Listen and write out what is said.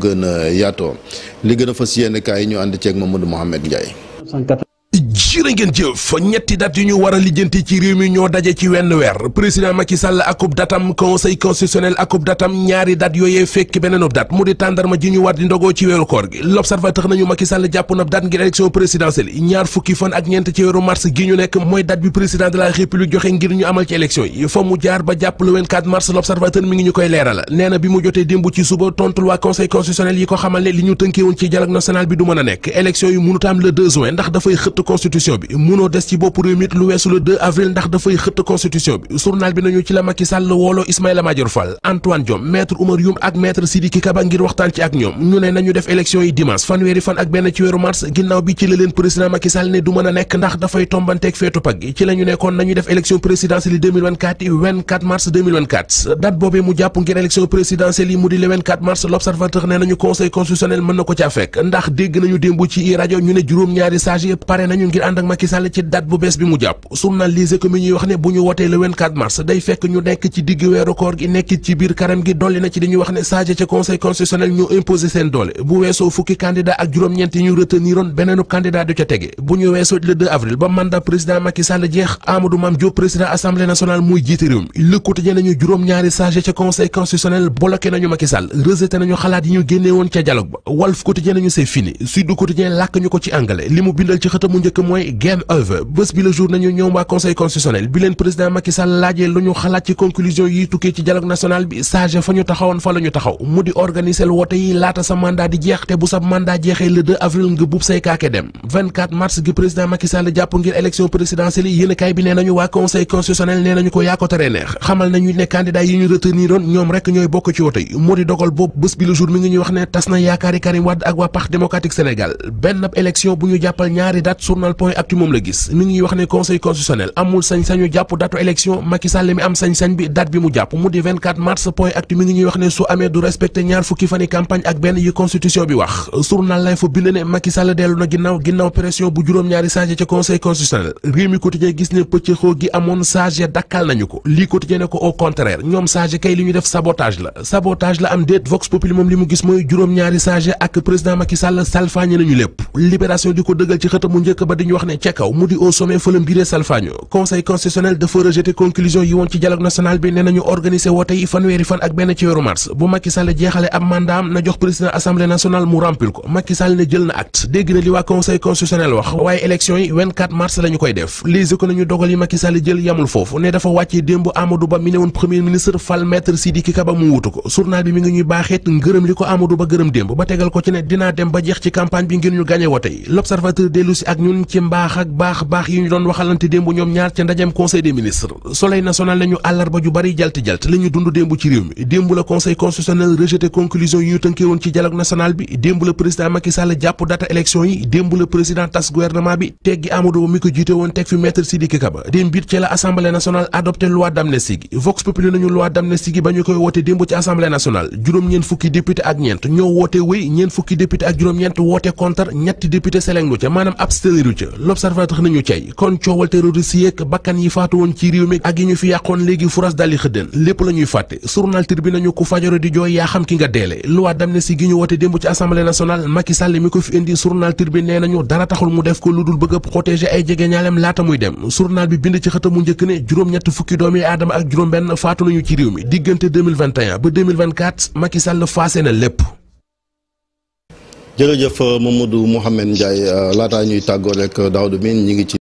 gën a yaatoo li gën a fas yéene kaay yi ñu ànd ceeg Mamadou Mohamed Ndiaye. jërë ngeen jëf ñetti date yu ñu war a lijjanti ci réew mi ñoo daje ci wenn weer président Macky Sall akub datam conseil constitutionnel akub datam ñaari date yooyee fekk beneenub date mu di tàndarma ji ñu war di ndogoo ci weeru koor gi l'observateur nañu Macky jàpp na date ngir élection présidentielle ñaar fukki fan ak ñeent ci weeru mars gi ñu nekk mooy date bi président de la joxe ngir ñu amal ci élection yi fa mu jaar ba jàpp le constitution bi munoo des ci bopp réew mi lu weesu le avril ndax dafay xëtt constitution bi journal bi nañu ci la Macky Sall wooloo Ismaïla Madior Fall Antoine Diome maître Oumar Youm ak maître Sidiki Kaba ngir waxtaan ci ak ñoom ñu ne nañu def élection yi dimanche fanweeri fan ak benn ci weeru mars ginnaaw bi ci la leen président Macky ne du mën a nekk ndax dafay tombanteeg feetu pag gi ci la ñu nekkoon nañu def élection présidentielle yi mars 2024 date mu jàpp ànd ak ci date bu bees bi mu jàpp journal Les Échos ñuy wax ne bu ñu wotee le 24 mars day fekk ñu nekk ci digg weeru koor gi nekk ci biir karam gi dolli na ci dañuy wax ne Sadio ca conseil constitutionnel ñu imposé seen doole bu weesoo fukki candidat ak juróom-ñeent yi ñu reteniroon beneenu candidat du ca tege bu ñu weesoo le avril ba mandat président Macky jeex Amadou Mame Diop président assemblée nationale muy jiite réew mooy game over bés bi la jour nañu ñoom waa conseil constitutionnel bi président Macky laajee lu ñu xalaat ci conclusion yi tukkee ci dialogue national bi sage fa ñu taxawoon fa la taxaw mu di organiser woote yi laata sa mandat di jeex te bu sa mandat jeexee le 2 avril nga buub say kaake dem mars gi président Macky Sall jàpp ngir élection présidentielle yéen bi nee nañu waa conseil constitutionnel nee nañu ko yaa ko teree neex xamal nañu ne candidat yi point actu moom la gis mi ngi wax ne conseil constitutionnel amul dellu na ginnaaw ginnaaw pression bu juróom-ñaari sage ca conseil constitutionnel réew mi quotidien gis ne pëccëxoo gi amoon sage dakkal nañu ko lii quotidien ne ko au contraire ñoom sage kay li ñu def sabotage la sabotage la am déet vox populi moom li mu gis mooy juróom-ñaari sage ak président Macky Sall nañu lépp libération di ko dëggal ci xëta njëkk ba diñu wax ne mars bu na ne jël waa conseil constitutionnel wax waaye élection yi 24 mars koy def les éco nañu dogal yi Macky Sall jël yamul foofu ne dafa wàccee démb Amadou Ba mi ne woon premier ministre fal maître Sidiki Kaba mu wutu ko journal bi mi ngi ñuy baaxeet ngërëm li ko Amadou Ba gërëm démb ba tegal ko ci ne dinaa dem ba jeex ci campagne bi ngir ñu gàñe woote yi l'observateur dellu ak ñun ci baax ak baax baax yi ñu doon waxalante démb ñoom ñaar ca ndajem conseil des ministres soleil national nañu àllarba ju bari jalt jalt la ñu dund démb ci réew mi démb la conseil constitutionnel rejeté conclusion yi ñu tënkee woon ci dialogue national bi démb la président Macky Sall jàpp data élection yi démb la président tas gouvernement bi teggi Amadou Ba mi ko jiite woon teg fi maître Sidiki Kaba démb it ci la assemblée nationale adopté loi d'amnistie gi vox ñeent fukki député ak ñeent ñoo woote l'observateur nañu cay kon coowal terroriste yeeg bakkan yi faatu woon ci réew mi ak yi ñu fi yàqoon léegi furas dali xëddeen lépp la ñuy fàtte journal Tribune nañu ku fajoro di jooy yaa xam ki nga deele loi d'amnistie gi ñu wote démb ci assemblée nationale Macky Sall mi ko fi indi journal Tribune nee nañu dara taxul mu def ko lu dul bëgg a protéger ay jege ñaaleem laata muy dem journal bi bind ci xëtamu njëkk ne juróom-ñett fukki doomi aadama ak juróom benn faatu nañu ci réew mi diggante 2021 ba 2024 Macky Sall faase na lépp jërëjëf Mamadou Mouhamed Ndiaye euh, laataa ñuy tàggoo rek euh, Daouda Mine ñi ngi ci.